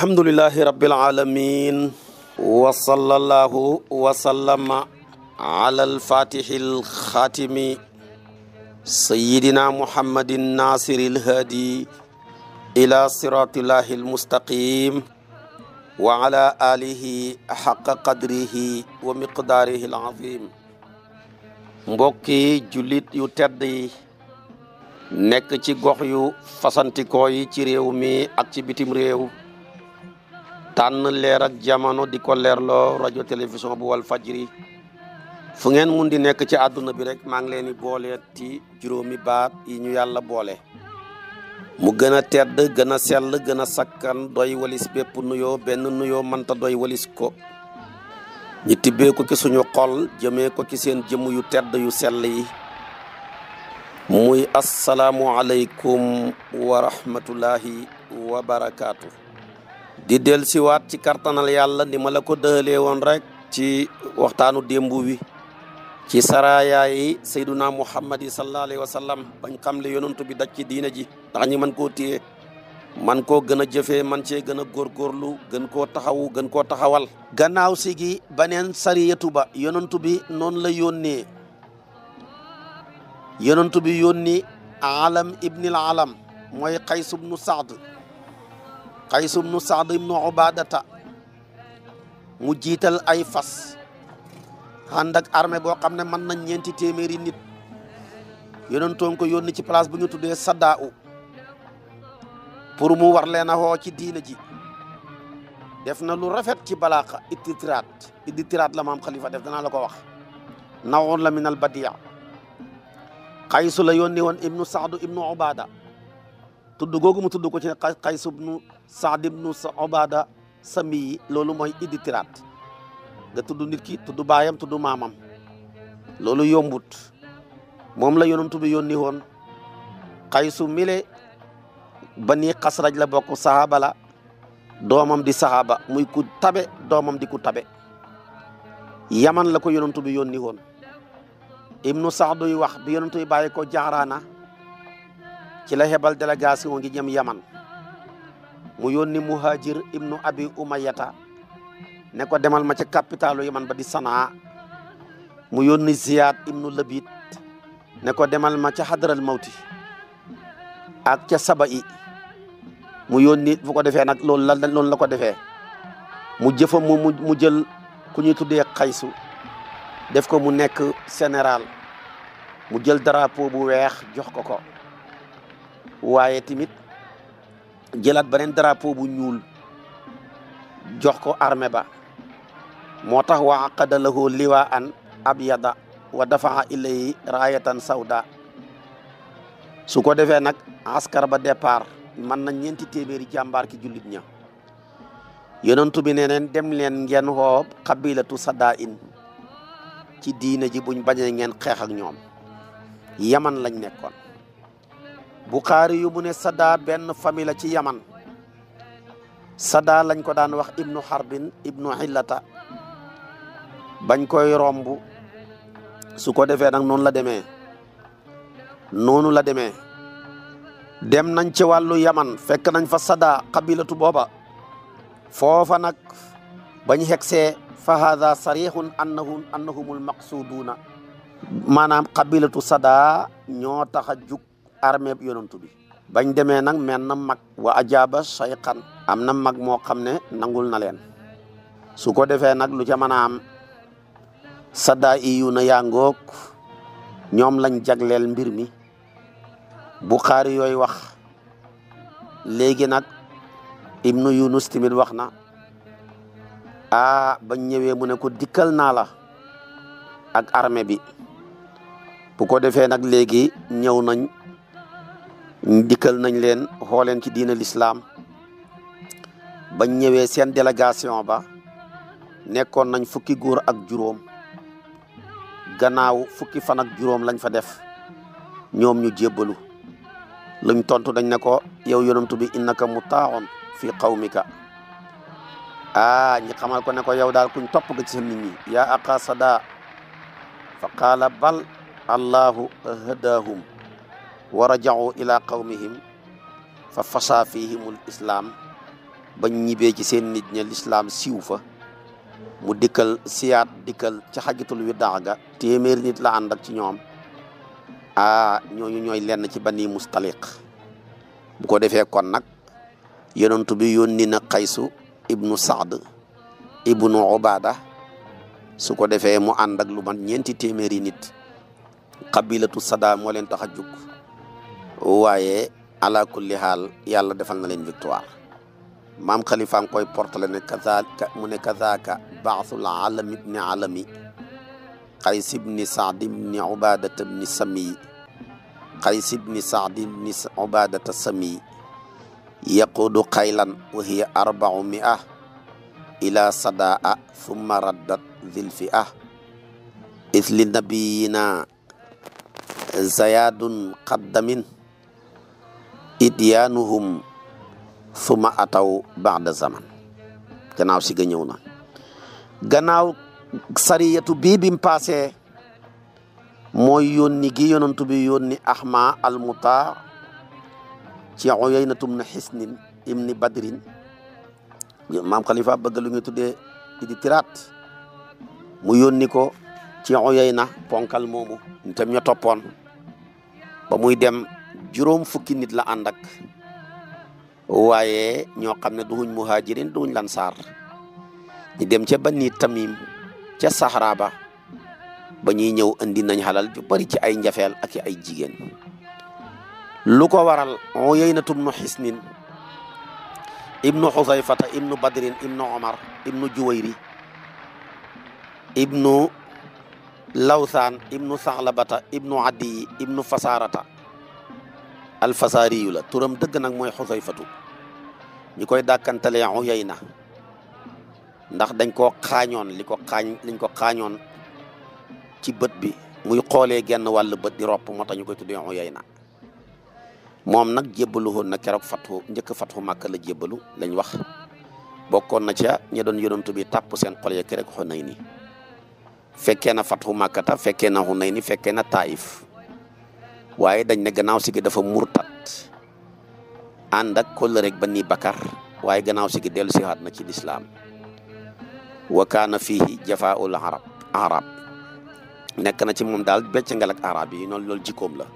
alhamdulillahi rabbil alamin wa sallallahu wa sallama ala alfatihi alxatimi sayidina muhammadin nasiri alhadi ila siratillahi almustaqim wa ala alihi xaqa qadrihi wa miqdaarihi alazim mbokki jullit yu tedd yi nekk ci gox yu fasantikoo yi ci réew mi ak ci bitim réew tànn leer ak jamono di ko leerloo radio télévision bu wal fajri fu ngeen mun di nekk ci àdduna bi rek maa ngi leen di booleet ci juróomi baat yi ñu yàlla boole mu gën a tedd gën a sell gën a sakkan doy walis bépp nuyoo benn nuyoo mënta doy walis ko ñi tibbee ko ci suñu xol jëmee ko ci seen jëm yu tedd yu sell yi muy wa rahmatullahi wa di del siwaat ci kartanal yàlla ni ma la ko dëhalee woon rek ci waxtaanu démb wi ci saraayaa yi sayduna muhammad yi sallallahu alayhi bañ xam le yonantu bi daj ci diina ji ndax ñi mën koo téye man koo gën a jëfee man cee gën a góorgóorlu gën koo taxawu gën koo taxawal gannaaw si gi baneen sariyatu ba yonantu bi noonu la yónnee yonantu bi yónni alam ibnil alam mooy xays ibnu saad qais ibn sa'd ibn ubadata mu jital ay fas handak armé bo xamné man ne mën nañ ñeenti téeméeri nit yonentoon ko yonni ci place bu ñu tuddé saddaa pour mu war leena ho ci diina ji def na lu rafet ci balaqa ittirat ittirat la maam khalifa def dana la ko wax nawon la al badia qais la yonni won ibn sa'd ibn tudd googu mu tudd ko ci ne Qays ibnu Saad ibnu Ubaada Samiyi loolu mooy iddi tiraat nga tudd nit ki tudd baayam tudd maamam loolu yombut moom la yonent bi yónni woon Qaysu mile bani Xasraj la bokk sahaaba la doomam di sahaaba muy ku tabe doomam di ku tabe yaman la ko yonent bi yónni woon ibnu Saad yu wax bi yonent bi bàyyi ko jaaraana ci la hebal délégation ngi jëm yaman mu yónni muhajir ibnu abi umayata ne nekko demal ma ca capitalu yaman ba di sanaa mu yónni ziyaad ibnu labit ne ko demal ma ca xadaral mawti ak ca saba mu yónni bu ko defee nag loolu la loolu la ko defee mu jëfa mu mu jël ku ñuy tuddee xaysu def ko mu nekk général mu jël drapeau bu weex jox ko ko waaye timit jëlaat beneen drapeau bu ñuul jox ko armée ba moo wa aqada lahu liwaan abyada wa dafa ilayhi raayatan sawda su ko defee nag askar ba départ man na ñeenti téeméeri jàmbaar ki jullit ña yonentu bi ne dem leen ngeen xoob xabilatu sadain ci diina ji buñ bañee ngeen xeex ak ñoom yaman lañ nekkoon Buxaari yu mu ne Sada benn famille la ci Yaman Sada lañ ko daan wax ibnu Harbin ibnu Hillata bañ koy romb su ko defee nag noonu la demee noonu la demee dem nañ ci wàllu Yaman fekk nañ fa Sada xabilatu booba foofa nag bañ xegsee fa haada sarihun annahum annahumul maqsuduuna maanaam xabilatu Sada ñoo tax a jug armée yonantu bi bañ demee nag men na mag wa ajaaba sayqan am na mag moo xam ne nangul na leen su ko defee nag lu ca mën a am saddaa iyu na ñoom lañ jagleel mbir mi Buxaari yooyu wax léegi nag ibnu yunus tamit wax na a bañ ñëwee mu ne ko dikkal naa la ak armée bi bu ko defee nag léegi ñëw nañ dikkal nañ leen xooleen ci diina lislaam bañ ñëwee seen délégation ba nekkoon nañ fukki góor ak juróom gannaaw fukki fan ak juróom lañ fa def ñoom ñu jébbalu luñ tontu dañ ne ko yow yonantu bi innaka mutaaxoon fii qawmika aa ah, ñi xamal ko ne ko yow daal kuñ topp nga ci seen nit ñi yaa aqa fa qaala bal allahu hadahum wa raja'u ila qawmihim fa fasa fihimul islaam bañ ñibbee ci seen nit ña lislaam siiw fa mu dikkal siyaat dikkal ci xajatul widaa ga téeméeri nit la ànd ak ci ñoom a ñooñu ñooy lenn ci bani mustaliq bu ko defee kon nag yonentu bi yoon na xaysu ibnu saad ibnu ubada su ko defee mu ànd ak lu man ñeenti téeméeri nit xabilatu sada moo leen tax a jóg waye ala kulli hal yàlla defal na len victoire mam khalifa ng koy portale ne kazaka mu ne kazaka ba'thul alami ibn alami qais ibn sa'd ibn ubadah ibn sami qais ibn sa'd ibn ubadah sami يقود قيلا وهي أربعمائة إلى صداء ثم ردت ذي الفئة إذ لنبينا زياد nabiyina zayadun idyanuhum suma ataw ba'da zaman gannaaw si ga na gannaaw sariyatu bi bim passé moy yónni gi yonantu bi yónni ahma al muta ci uyaynatum na xisnin ibni badrin mam khalifa bëgg lu ñu tuddé di tirat mu yónni ko ci uyayna ponkal moomu tam ñu topone ba muy dem juróom fukki nit la ànd ak waaye ñoo xam ne duhuñ muhaajirin duhuñ lansaar ñu dem ca bani tamim ca Sahara ba ba ñuy ñëw andi nañ xalal bari ci ay njafeel ak ay jigéen lu ko waral Uyaynatu bnu Hisnin ibnu Xusayfata ibnu Badrin ibnu Omar ibnu Juwayri ibnu Lawsaan ibnu Saxlabata ibnu Adiyi ibnu Fasaarata fasari la turam deug nak moy xusayfatu ñu koy dàkkantalee uyayna ndax dañ ko xaañoon liko ko liñ ko xaañoon ci bët bi muy xoolee genn wal bët di rop moo tax ñu koy tuddee uyayna mom nak jébbalu hon nak kérok fatu njëkk fatu makka la jébbalu lañ wax bokkon na ci ñi doon yonantu bi tap seen xol ya kérok xunay fekke na fatu ta fekke na xunay fekke na taif waaye dañ ne gannaaw si gi dafa murtat ànd ak kóllëre rek ba ni bakar waaye gannaaw si gi dellu siwaat na ci lislaam wa kaana fihi jafaul arab arab nekk na ci moom daal beccangal ak arab yi noonu loolu jikkoom la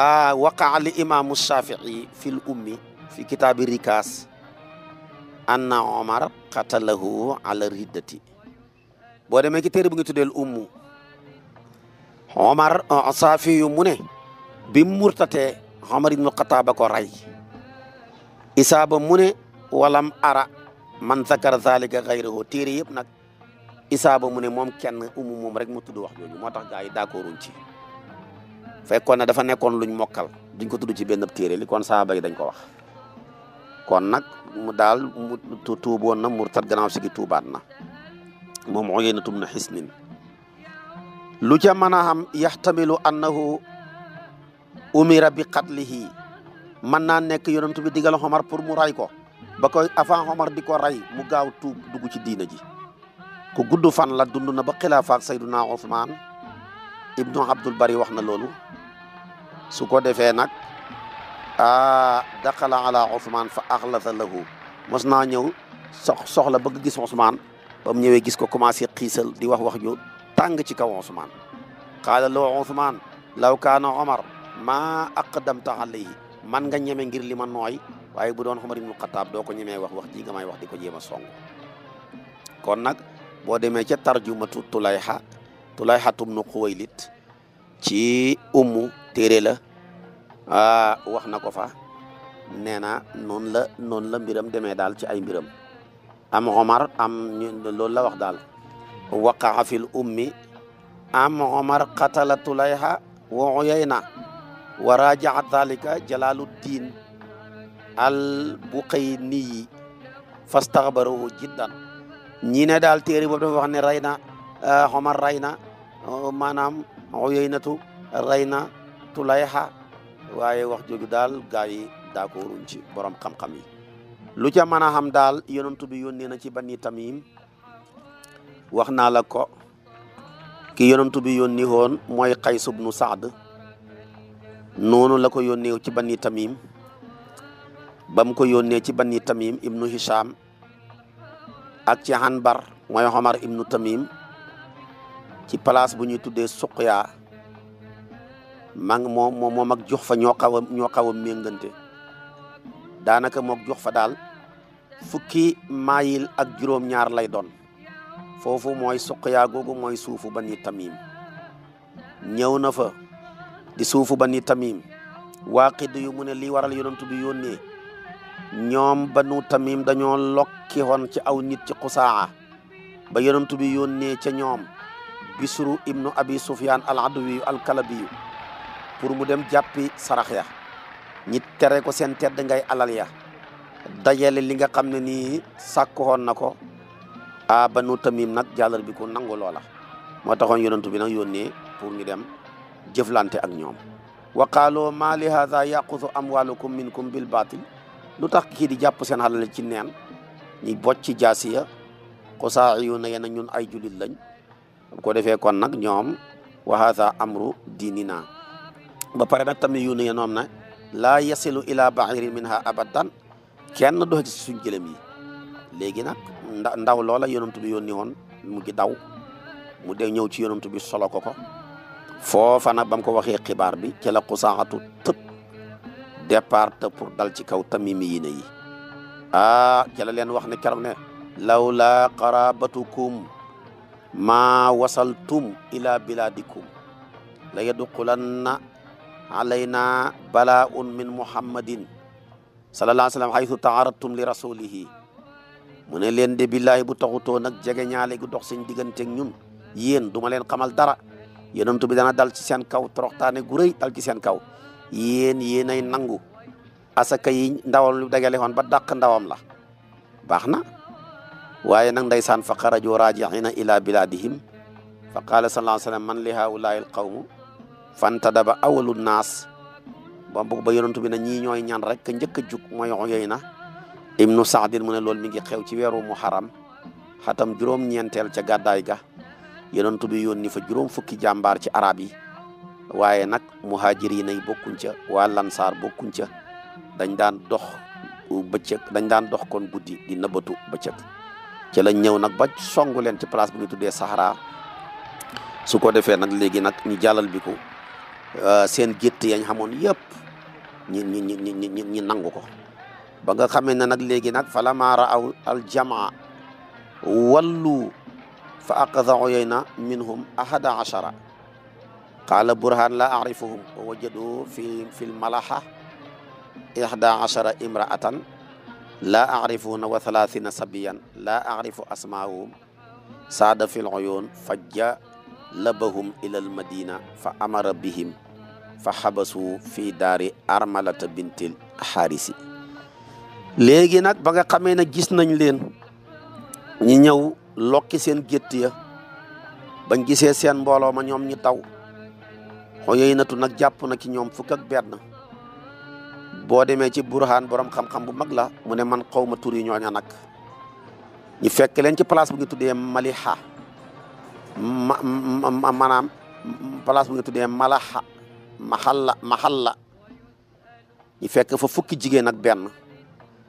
a ah, waqaa li imaamu shafii fi l ummi fi kitaabi rikaas anna omar qatalahu ala riddati boo demee ki téere bu ngi tuddeel ummu Omar Saafi yu mu ne bi murtatee Omar ibnu Xataaba ko rey isaaba mu ne walam ara man zakara zalika xayrahu téere yëpp nag isaaba mu ne moom kenn umu moom rek mu tudd wax jooju moo tax gars yi d'accorduñ ci fekkoon ne dafa nekkoon luñ mokkal duñ ko tudd ci benn téere li kon saaba yi dañ ko wax kon nag mu daal mu tuuboon na murtat gannaaw sigi tuubaat na moom Uyayna ibnu Hisn lu ca mën a xam yaxtamilu annahu umira bi qatlihi mën naa nekk yonent bi digal xomar pour mu ray ko ba koy avant xomar di ko ray mu gaaw tuub dugg ci diina ji ku gudd fan la dund ba sayduna ibnu Abdul Bari wax na loolu su ko defee nag a daqala ala Osman fa axlasa lahu mos naa ñëw sox soxla bëgg gis Ousmane ba mu ñëwee gis ko commencé xiisal di wax wax ñu tang ci kaw Uthman, qala lo Ousmane law kana Omar ma aqdamta alayhi man nga ñeme ngir li ma nooy bu doon Omar ibn Khattab do ko ñemee wax wax ji gamay wax di ko song kon nak bo demee ci tarjumatu tulayha tulayha ibn xuwaylit ci ummu téere la ah wax nako nena fa nonla non la non la mbiram demee dal ci ay mbiram am Omar am loolu la wax dal. وقع في الأم أم عمر قتل طليحة وعيينة وراجع ذلك جلال الدين البقيني فاستغبره جدا نينا دال تيري بابا وخني راينا آه، عمر راينا آه، ما نام عيينة راينا طليحة واي وقت جوج دال غاي داكورونشي برام قم قمي لوجا مانا هم دال ينون بيون نينا بني تميم wax naa la ko ki yonantu bi yónni woon mooy Qays ibnu Saad noonu la ko yónnee ci Bani Tamim ba ko yónnee ci Bani Tamim ibnu Hisham ak ci Hanbar mooy Omar ibnu Tamim ci palace bu ñuy tuddee Suqya ma ngi moom moom ak Juhfa ñoo xaw ñoo xaw a méngante daanaka mook Juhfa daal fukki maayil ak juróom-ñaar lay doon fofu moy suqyaa gogu moy suufu bani tamim ñew na fa di suufu bani tamim waaqid yu mu li waral yonantu bi yonne ñom banu tamim dañu lokki hon ci aw nit ci qusaa ba yonantu bi yonne ci ñom bisru ibnu abi sufyan al adwi al kalabiyu pour mu dem jappi sarax ya ñi téré ko sen tedd ngay alal ya dajale li nga ni hon nako a banu tamim nag jàllar bi ko nangu loola moo taxoon bi nag yónnee pour ñu dem jëflante ak ñoom wa qaaloo ma li haada yaqusu amwalukum minkum bil batil lu tax kii di jàpp seen xalal ci neen ñi bocc ci jaasiya xusaayu na yena ñun ay julit lañ ko defee kon nag ñoom wa haada amru diinina ba pare nag tamit yu na yenoom ne laa yasilu ila bahirin minha abadan kenn doxe ci suñ jëlem yi léegi nag ndaw loola yonent bi yónni woon mu ngi daw mu de ñëw ci yonent bi solo ko ko foofa nag ba mu ko waxee xibaar bi ci la xusaatu tëp départ pour dal ci kaw tamimi yi ne yi ah ci la leen wax ne keroog ne lawla qarabatukum ma wasaltum ila biladikum la yadqulanna alayna bala'un min muhammadin sallallahu alayhi wa sallam haythu ta'aradtum li rasulihi mune len de billahi bu taxuto nak jege ñaale gu dox seen ak ñun yeen duma len xamal dara yonentu bi dana dal ci seen kaw toroxtane gu rëy dal ci seen kaw yeen yeenay nangu asaka yi ndawal lu dagale hon ba dak ndawam la baxna waye nak ndaysan fa kharaju raji'ina ila biladihim fa qala sallallahu alayhi wasallam man li haulaai alqawmu fantadaba awalu nas ba bu ba yonentu bi na ñi ñoy ñaan rek ke ñeuk juk moy xoyena ibnu saadin mu lol mi ngi xew ci weeru muharram xatam juróom ñentel ca gaday ga yonent tubi yónni fa juróom fukki jambar ci arab yi waaye nag muhaajiriin yi bokkuñ ca wa lansar bokkuñ ca dañ daan dox beccëk dañ daan dox kon guddi di nëbbatu beccëk ci lañ ñew nak ba songu len ci place bu ñu tuddé Sahara su ko defee nak légui nak ñu jàllal bi ko euh, seen gitt yañ xamone yépp ñi ñi ñi ñi ñi nanguko ba nga xamee ne nag léegi nag fa lama raaw aljamaa wallu fa aqdau yeyna minhum ahada achara qaala burhan la arifuhum wa wajadu fi fi lmalaha ihda achara imraatan لا أعرفون وثلاثين سبيا لا أعرف أسماءهم ساد في العيون فجاء لبهم إلى المدينة فأمر بهم فحبسوا في دار أرملة بنت الحارسي léegi nag ba nga xamee ne gis nañ leen ñi ñëw lokki seen gétt ya bañ gisee seen mbooloo ma ñoom ñi taw xooyoy natu nag jàpp na ci ñoom fukk ak benn boo demee ci burhaan borom xam-xam bu mag la mu ne man xaw ma tur yi ñooña nag ñu fekk leen ci place bu ngi tuddee maliha ma maanaam place bu ngi tuddee malaha mahalla mahalla ñu fekk fa fukki jigéen ak benn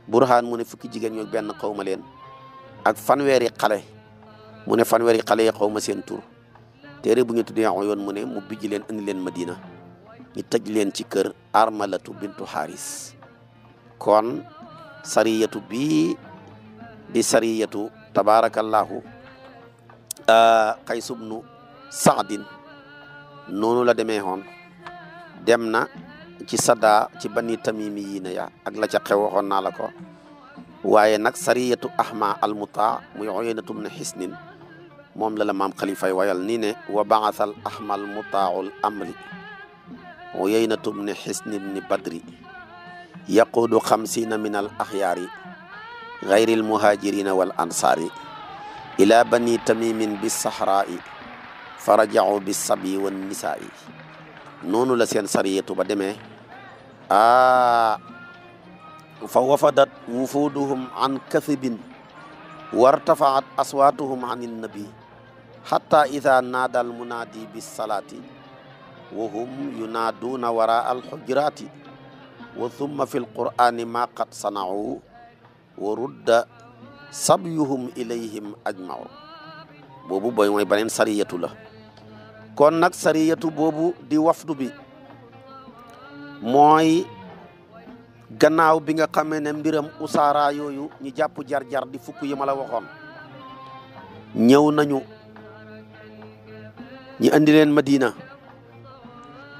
burhaan mu ne fukki jigéen ñoo benn xaw ma leen ak fanweeri xale mu ne fanweeri xale yi xaw ma seen tur téere bu ñu tuddee yoon mu ne mu bijji leen indi leen Madina ñu tëj leen ci kër armalatu bintu xaaris kon sariyatu bi di sariyatu tabaarakallaahu subnu saadin noonu la demee xoon dem na ci sada ci bani tamimi yi na ya ak la ca xew waxoon la ko waaye nag sariyatu ahma muta muy oyenatu min xisnin moom la la maam xalifay wayal ni ne wa baasal ahma al amri oyenatu min xisnin ni badri yaqudu xamsiina min al axyaari gayri almuhaajirina wal ansaari ila bani tamimin bi sahraa'i fa rajacu bi sabi wa sariyatu آه. فوفدت وفودهم عن كثب وارتفعت أصواتهم عن النبي حتى إذا نادى المنادي بالصلاة وهم ينادون وراء الحجرات وثم في القرآن ما قد صنعوا ورد sabyuhum إليهم أجمعوا بوبو booy mooy beneen sariyatu la kon بوبو بوبو boobu di wafdu mooy gannaaw bi nga xamee ne mbiram usaara yooyu ñu jàpp jar-jar di fukk yi ma waxoon ñëw nañu ñi andi leen Madina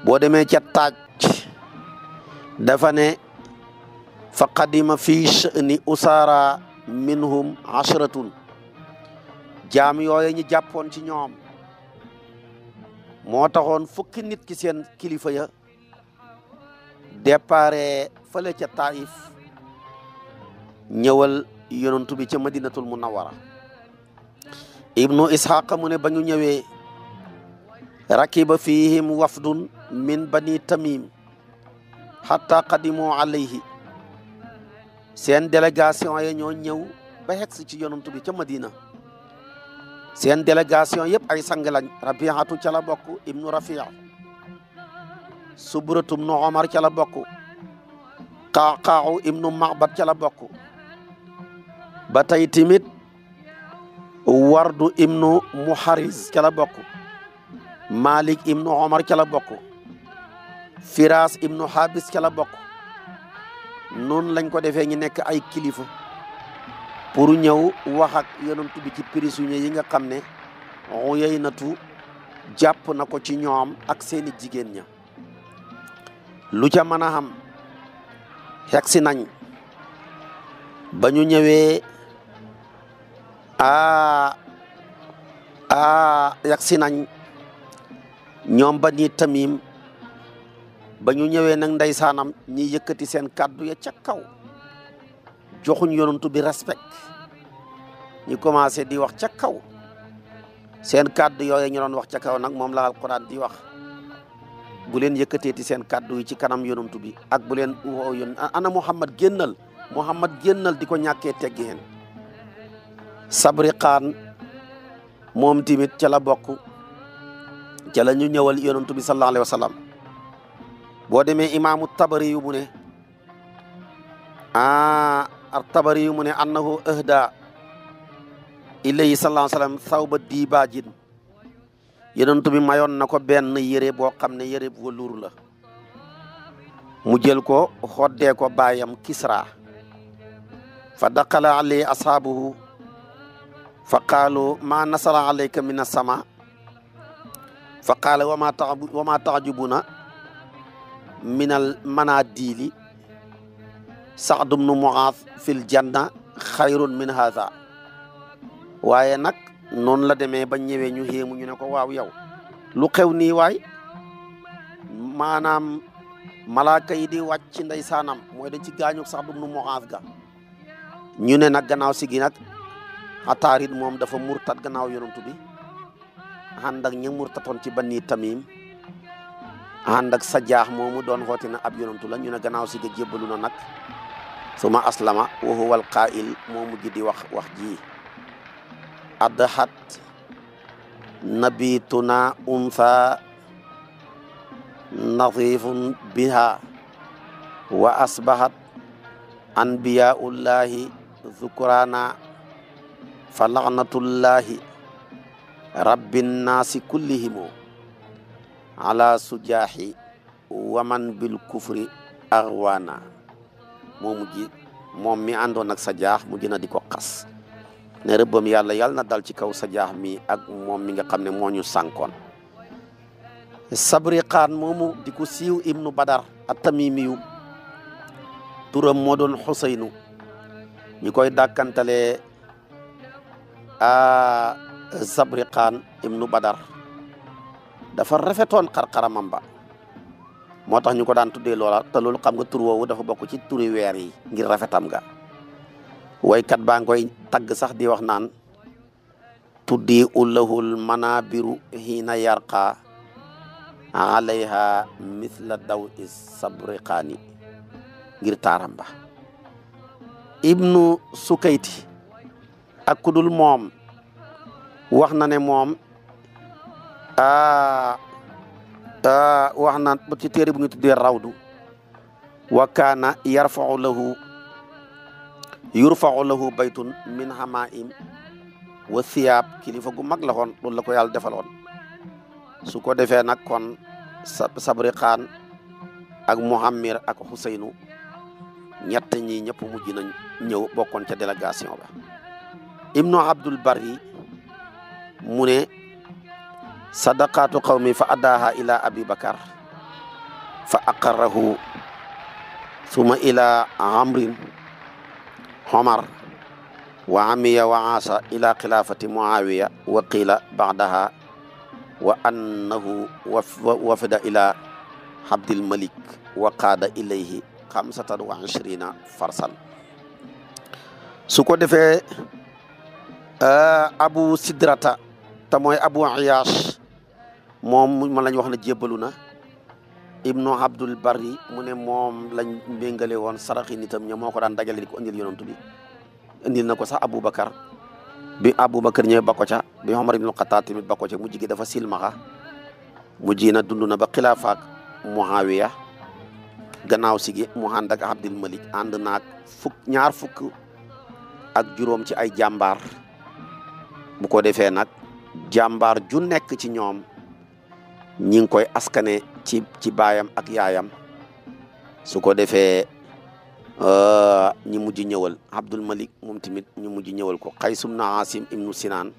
boo demee ca taaj dafa ne fa qadima fi sha'ni usaara minhum ashratun jaam yooyu ñu jàppoon ci ñoom moo taxoon fukki nit ki seen kilifa ya dépare fële ca Taif ñëwal yonantu bi ca madinatul munawara ibnu ishaqa mu ne ba ñu ñëwee rakiba fihim wafdun min bani tamim hatta qadimu alayhi seen délégation ya ñoo ñëw ba xegsi ci yonantu bi ca madina seen delegation yëpp ay sang lañ rabiatu ca la bokk ibnu rafia subratum nu omar ca la bokk qaqaaxu ibnu maxbat ca bokk ba tey timit wardu ibnu muharis ca la bokk malik ibnu omar ca la bokk firas ibnu habis ca la bokk noonu lañ ko defee ñu nekk ay kilifa pour ñëw wax ak yonent bi ci prisonnier yi nga xam ne Uyaynatu jàpp na ko ci ñoom ak seeni jigéen ña lu ca mën a xam yegsi nañ ba ñu ñëwee aa aa nañ ñoom ba ni tamim ba ñu ñëwee nag ndeysaanam ñi yëkkati seen kàddu ya ca kaw joxuñ yonantu bi respect ñi commencé di wax ca kaw seen kàddu yooyu ñu doon wax ca kaw nag moom la alquran di wax bu yëkëté ci seen kaddu ci kanam yonentu bi ak bu leen wo yon ana Muhammad gennal Muhammad gennal diko ñaké ñàkkee sabri khan mom timit ci la bokku ci la ñu ñëwal yonentu bi sallallahu Alaihi Wasallam. bo démé imam tabari bu né ah tabari mu né annahu ihda ilayhi sallallahu Alaihi Wasallam thawba dibajin. yonentou bi mayon nako ben yére bo xamne yére bo lour la mu jël ko xoddee ko bayam kisra fa daqala ali asaabuhu fa qalu ma nasara alayka min as-sama fa qaala wama ta wama ta'jubuna min al manadili sa'd nu muaas fil janna khayrun min hadha waye nak non la deme ba ñewé ñu xéemu ñu ne ko waaw yow lu xew ni way manam malaaka yi di wacc ndaysanam moy dañ ci gañu sax du nu moxaas ga ñu ne nak gannaaw sigi nak atarid mom dafa murtad gannaaw bi ak ci banni tamim sa jaax doon ab yonantu la ñu ne gannaaw sigi ga na suma aslama wa huwa alqaa'il momu gi di wax wax ji adhat nabituna untha nadifun biha wa asbahat anbiyaullahi zukurana fa laxnatullahi rabbinnaasi kullihimu ala sujaahi waman bil kufri arwana moomu ji moom mi àndoon ak sa jaax mu gën a di ko xas ne rebbam yalla natal na dal ci kaw sa jaax mi ak mom mi nga xamne ne moo ñu sànkoon sabri xaan momu di ko siiw ibnu badar at tamimi turam modon husayn ni koy dakantale a sabri xaan ibnu badar dafa rafeton kharkharamam ba motax ñuko daan tuddé lola te lolu xam nga tur dafa bokku ci turi yi ngir rafetam ga waykat baa ngi koy tagg sax di wax naan tuddi ulahul manabiru xiina yarqa alayha mithla daw is sabriqaani ngir taaram ba ibnu sukayti ak kudul moom wax na ne moom a wax na ci téere bu ñu tuddee rawdu wa kaana yarfau lahu yurfaxu lahu baytun min hamaim wa siyaab kilifa gu mag la xoon loolu la ko yàlla defaloon su ko defee nag kon sabri xaan ak muhammir ak xuseynu ñett ñi ñëpp mujj nañ ñëw bokkoon ca délégation ba ibnu abdul bari mu sadaqaatu qawmi fa addaaha ila abi bakar fa aqarrahu suma ila amrin عمر وعمي وعاش إلى خلافة معاوية وقيل بعدها وأنه وفد إلى عبد الملك وقاد إليه xamsatan wa ashrina farsan su ko defee abu sidrata te mooy abu ayash moom ma lañ wax ne jébbalu na ibnu abdul bari mu ne moom lañ mbéngale woon saraxi nitam ña moo ko daan dajale di ko andil yonantu bi andil na ko sax aboubacar bi aboubacar ñëwee bako ca bi omar ibnu xataab tamit bako ca mujj gi dafa silmaxa mujj na ba xilaafaak muawiya gannaaw sigi mu ànd ak abdul malik ànd naak fukk ñaar fukk ak juróom ci ay jàmbaar bu ko defee nag jàmbaar ju nekk ci ñoom ñi koy askane ci ci baayam ak yaayam su ko defee ñi mujj ñëwal Abdul Malik moom tamit ñu mujj ñëwal ko Qays ibn Asim ibnu Sinaan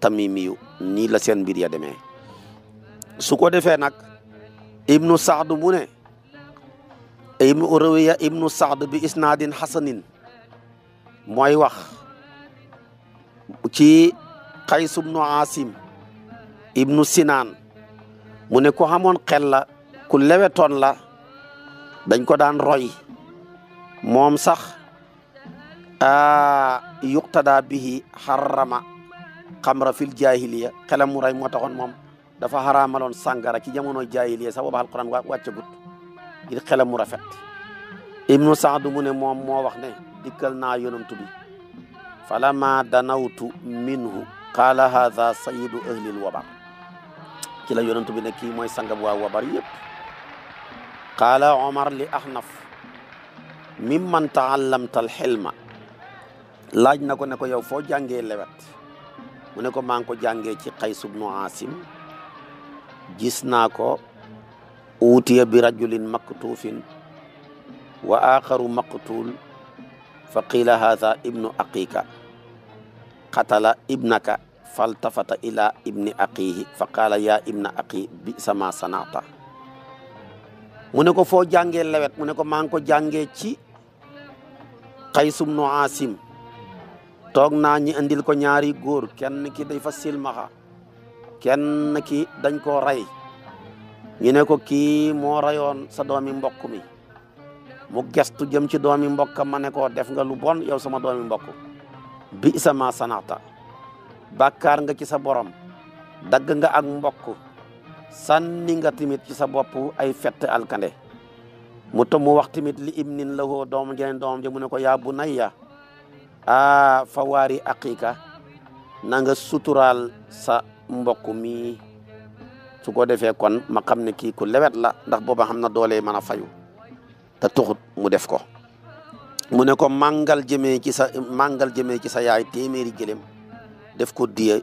Tamimiyu nii la seen mbir ya demee su ko defee nag ibnu Saad mu ne ibnu Rawiya ibnu Saad bi isnaadin hasanin mooy wax ci Qays ibnu Asim ibnu Sinaan mu ne ko xamoon xel la ku lewetoon la dañ ko daan roy moom sax a yuqtada bihi xarama xamra fil jahiliya xelam mu ray moo taxoon moom dafa xaraamaloon sàngara ci jamono jahiliya sax booba alquran wàccagut ngir xelam mu rafet ibnu saadu mu ne moom moo wax ne dikkal naa yonantu bi falama دنوت minhu قال هذا sayidu أهل الوبر ci la yonent bi kii mooy sangab waa wabar qaala omar li ahnaf mim man taallamta alxilma laaj na ko ne ko yow foo jàngee lewet mu ne ko maa ngi ko jàngee ci Qays ibnu Aasim gis naa ko uutiya bi rajulin maktuufin wa aaxaru maqtuul fa qiila haadha aqiika qatala ibnaka falta fata ila أخيه فقال يا ابن أخي بئس ما صنعت mu ne ko foo jàngee lewet mu ne ko ci xaysum nu asim toog na ñi andil ko ñaari góor kenn ki dafa silmaxa kenn ki dañ koo rey ñu ne ko kii moo rayoon sa doomi mbokk mi mu gestu jëm ci doomi mbokk ma ko def nga lu bon yow sama doomi mbokk bi sama sanata bakar nga ci sa borom dag nga ak mbokk sanni nga timit ci sa bopp ay fett alkande mu to wax timit li ibnin la dom doom dom je muneko ya ne bu a fawari aqika na nga sutural sa mbokk mi su ko makam kon ma xamne ki ku lewet la ndax boba xamna na mana fayu ta tuxut mu def ko muneko mangal jeme ci sa mangal jeme ci sa yaay temeri gelem def ko diye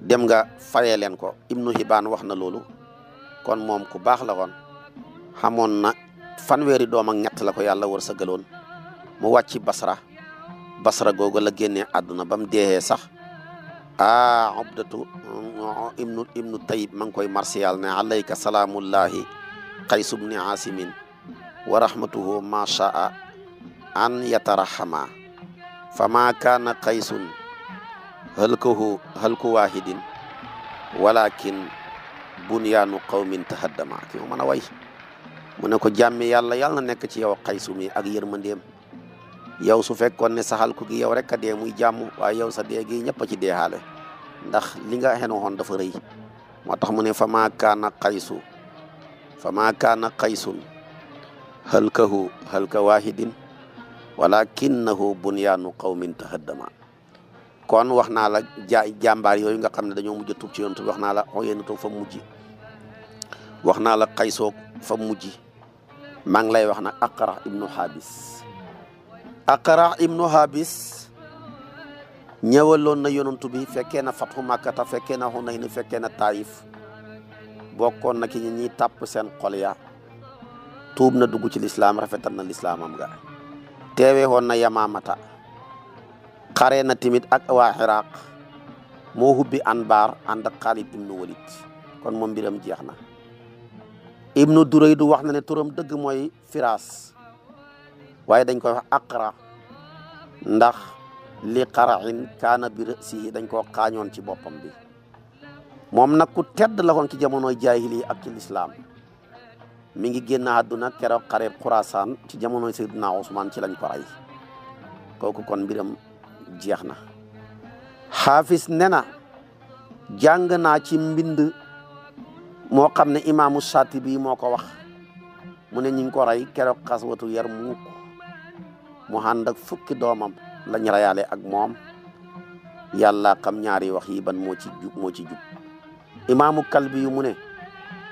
dem nga fayee leen ko ibnu hibaan wax na loolu kon moom ku baax la woon xamoon na fanweeri doom ak ñett la ko yàlla war sëgaloon mu wàcc basra basra googu la génnee àdduna ba mu deexee sax a abdatu ibnu ibnu tayib ma ngi koy marsiyaal ne alayka salaamullahi qaysu bni aasimin wa rahmatuhu ma shaa an yatarahama fa ma kaana qaysun halkahu halku wahidin walakin bunyaanu qawmin tahaddama ki ma mën a way mu ne ko jàmmi yàlla yàlla na nekk ci yow xaysu mi ak yërmandeem yow su fekkoon ne sa halku gi yow rek a dee muy jàmm waaye yow sa dee gi ñëpp a ci deexaale ndax li nga xen woon dafa rëy moo tax mu ne fa maa kaana xaysu fa maa kaana xaysun halkahu halka wahidin walakinnahu bunyaanu qawmin tahaddama kon wax naa la jaay jàmbaar yooyu nga xam ne dañoo mujj tuub ci yonent bi wax naa la Uyayna fa mujj wax naa la Qaysoo fa mujj maa ngi lay wax nag Aqra ibnu Habis Aqra ibnu Habis ñëwaloon na yonent bi fekkee na Fathu Makkata fekkee na Hunayn fekkee na Taayif bokkoon na ki ñi ñuy tàpp seen xol ya tuub na dugg ci lislaam rafetal na lislaamam ga teewee woon na yamamata xaree na tamit ak waa Xiraaq moo hubbi Anbar ànd ak ibnu Walid kon moom mbiram jeex na ibnu Durayd du wax na ne turam dëgg mooy Firaas waaye dañ ko wax Aqra ndax li qaraxin kaana bi rësi dañ ko xaañoon ci boppam bi moom nag ku tedd la koon ci jamonoy jaahili ak ci lislaam mi ngi génn àdduna keroog xareeb Xuraasaan ci jamonoy Seydina Usmaan ci lañ ko rey kon mbiram jeex na xaafis ne na jàng naa ci mbind moo xam ne imaamu Shaatibi moo ko wax mu ne ñu ngi ko rey keroog xaswatu Yarmuuk mu ànd ak doomam lañ reyaale ak moom yàlla xam ñaari wax yi ban moo ci jub ci jub imaamu Kalbi yu mu ne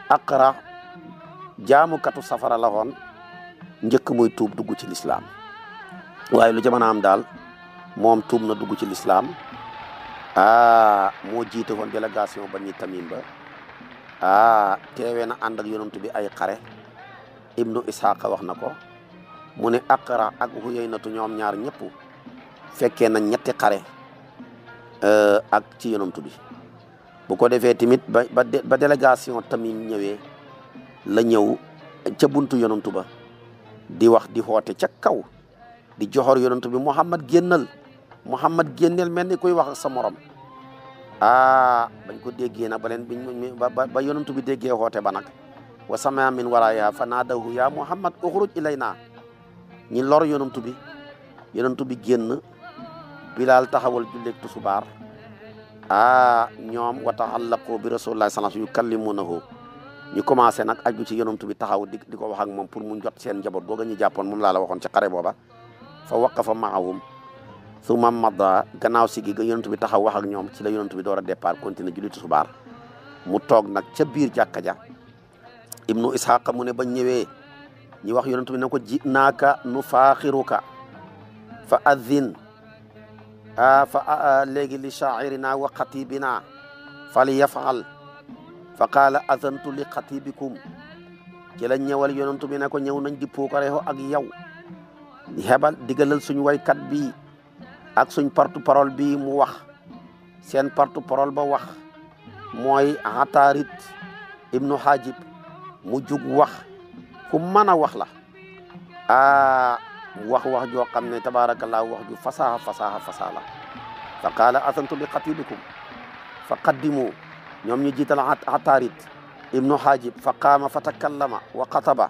Aqra jaamukatu safara la woon njëkk muy tuub dugg ci lislaam waaye lu jamono daal moom tum na dugg ci l'islam ah mo jité won délégation ba ni tamim ba ah téwé na and ak yonantu bi ay xaré ibnu ishaq wax nako mune aqra ak huyaynatu ñom ñaar ñepp fekkee na ñetti euh ak ci yonantu bi bu ko défé timit ba délégation tamim ñëwé la ñëw ca buntu yonantu ba di wax di xoté ca kaw di johor yonantu bi muhammad gennal Muhammad génneel mel ni kuy wax ak sa morom ah bañ ko déggee nag ba leen biñ ba yonantu bi déggee xoote ba nag wa sama min waraya fa naadahu ya Muhammad lay ilayna ñi lor yonantu bi yonantu bi génn Bilaal taxawal julleeg tusubaar ah ñoom wa taallaqu bi rasulillahi sallallahu alayhi wa sallam yukallimunahu ñu commencé nag aju ci yonantu bi taxaw di di ko wax ak moom pour mu jot seen njaboot googa ñu jàppoon moom laa la waxoon ci xare booba fa waqafa maahum suma madda gannaaw si gi yonent bi taxaw wax ak ñoom ci la yonent bi door a départ continuer julitu tisbaar mu toog nag ca biir jàkka ja ibnu ishaq mu ne ba ñëwee ñi wax yonent bi na ko ji nu faaxiruka fa addin a fa léegi li shaairina wa xatibina fali yafal fa qaala adantu li xatibikum ci la ñëwal yonent bi ne ko ñëw nañ di puukareexo ak yow hebal digalal suñu waykat bi ak suñ porte parole bi mu wax seen porte parole ba wax mooy Ataarit ibnu Hajib mu jug wax ku mën a wax la a wax wax joo xam ne tabaarakallah wax ju fasaha fasaha fasaha la fa qaala asantu li xatibikum fa qaddimu ñoom ñu jiital Ataarit ibnu Hajib fa qaama fa takallama wa xataba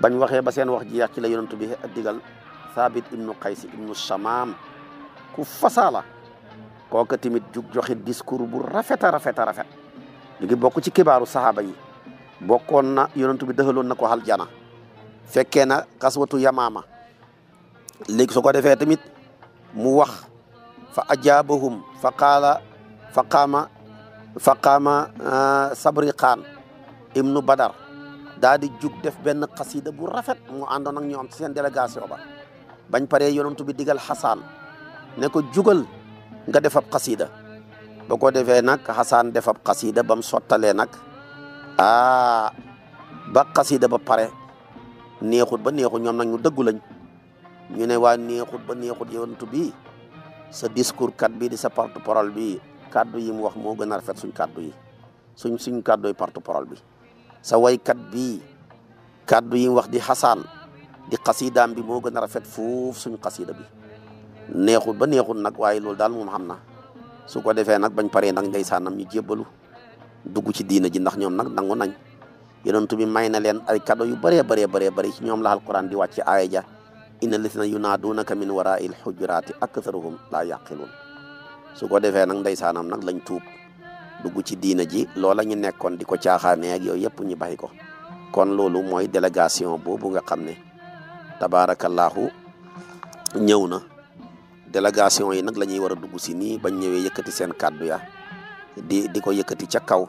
bañ waxee ba seen wax ji yeex ci la yonent bi digal Thabit ibnu Qays ibnu Shamaam ku fasaala kooka timit juk joxe discours bu rafet rafeta rafet ngi bokk ci kibaru sahaba yi bokon na yonentou bi dehalon nako hal jana fekke na xaswatu yamama leg su ko tamit mu wax fa ajabuhum fa qala fa qama fa qama ah, sabri ibnu badar Dadi juk def ben qasida bu rafet mu andonang ak ñoom sen délégation ba bañ paré yonentou bi digal hasan ne ko jugal nga def ab qasida ba ko defee nag xasaan def ab qasida ba mu sottalee nag ah ba qasida ba pare neexut ba neexut ñoom nag ñu dëggu lañ ñu ne waa neexut ba neexut yontu bi sa discours kat bi di sa porte parole bi kaddu yi mu wax moo gën a rafet suñ kaddu yi suñ suñ kaddu yi porte parole bi sa kat bi kaddu yi mu wax di xasaan di qasida bi moo gën a rafet fuuf suñ qasida bi neexul ba neexul nag waaye loolu daal moom xam na su ko defee nag bañ paree nag ndeysaanam ñu jébbalu dugg ci diina ji ndax ñoom nag nangu nañ yonent bi may na leen ay cadeau yu bëree bëree bëree bëri ci ñoom la alquran di wàcc aaya ja inna lisina yunaadunaka min warai lxujuraati aktharuhum laa yaqiluun su ko defee nag ndeysaanam nag lañ tuub dugg ci diina ji loola ñu nekkoon di ko caaxaanee ak yooyu yëpp ñu bàyyi ko kon loolu mooy délégation boobu nga xam ne tabaarakallaahu ñëw na délégation yi nak lañuy wara dugg ci ni bañ ñëwé yëkëti seen ya di di ko yëkkati ca kaw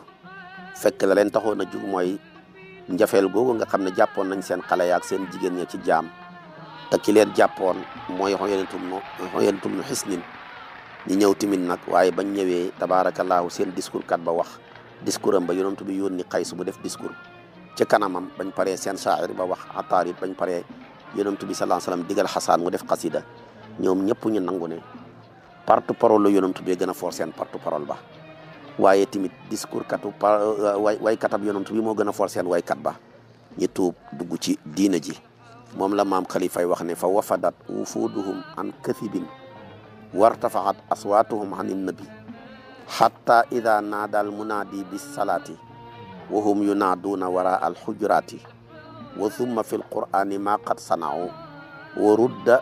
fekk la leen taxoon a jug mooy njafeel googu nga xamne japon nañ seen xalé ya seen jigen ñi ci jaam ta ki leen japon moy xoyentum no xoyentum no hisnin ñi ñëw timin nak waye bañ ñëwé tabarakallah seen discours kat ba wax discours am ba yonantu bi yoni xaysu bu def discours ci kanamam bañ paré seen sha'ir ba wax atari bañ paré bi sallallahu alayhi wasallam digal Hasan mu def qasida ñoom ñëpp ñu nangu ne porte parole la yonantu bee gën a for seen porte parole ba waaye timit discours katu par way katab yonantu bi moo gëna a for seen kat ba ñi tuub dugg ci diina ji moom la maam xalifay wax ne fa wafadat wufuduhum an kathibin wartafaat aswaatuhum an innabi xatta ida naadaal munaadi bisalaati wa hum yunaaduuna wara alxujuraati wa thumma fi lqur'ani ma qad sana'u wa rudda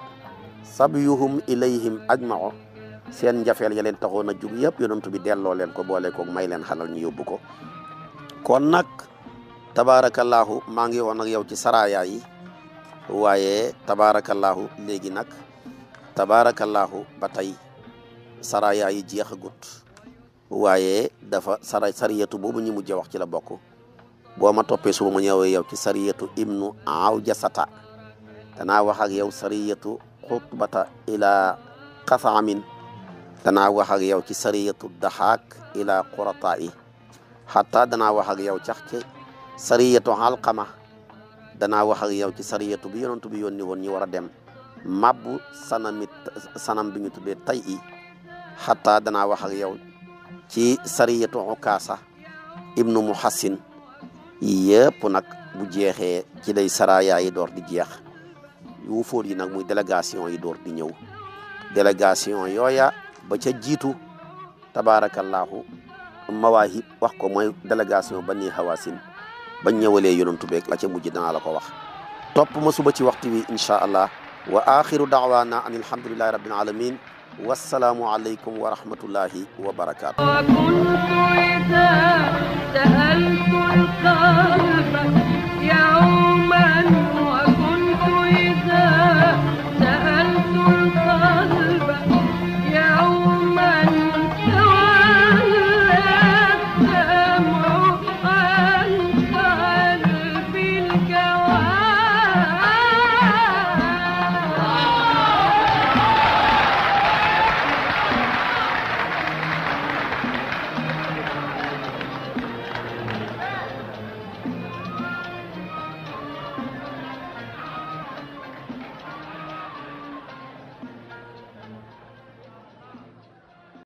sabyuhum ilayhim ajmao seen njafeel ya leen taxoon a jug yëpp yonent bi delloo leen ko boole ko may leen xalal ñu yóbbu ko kon nag tabaarakallaahu maa ngi woon ak yow ci saraya yi waaye tabaarakallaahu léegi nag tabaarakallaahu ba tey saraya yi jeexagut waaye dafa sara sariyatu boobu ñu mujjee wax ci la bokk boo ma toppee suba ma ñëwee yow ci sariyatu ibnu aw jasata danaa wax ak yow sariyatu xutbata ila xasaamin danaa wax ak yow ci sariyatu daxaak ila qurataa yi xataa danaa wax ak yow cax ci sariyatu alqama danaa wax ak yow ci sariyatu bi yonantu bi yónni woon ñu war a dem mabbu sanami sanam bi ñu tuddee tay i xataa danaa wax ak yow ci sariyatu ukaasa ibnu muhassin yëpp nag bu jeexee ci lay saraayaa yi door di jeex yu fóor yi nag muy délégation yi door di ñëw yooya ba ca jiitu tabaarakallaahu mawaahib wax ko mooy délégation ba nii hawaasin bañ ñëwalee yonantu beeg la mu mujj danaa la ko wax topp ma suba ci waxtu wi inchaa allah wa axiru daawaana an alhamdulillahi rabbil alamin wassalaamu aleykum wa rahmatullahi wa barakaatu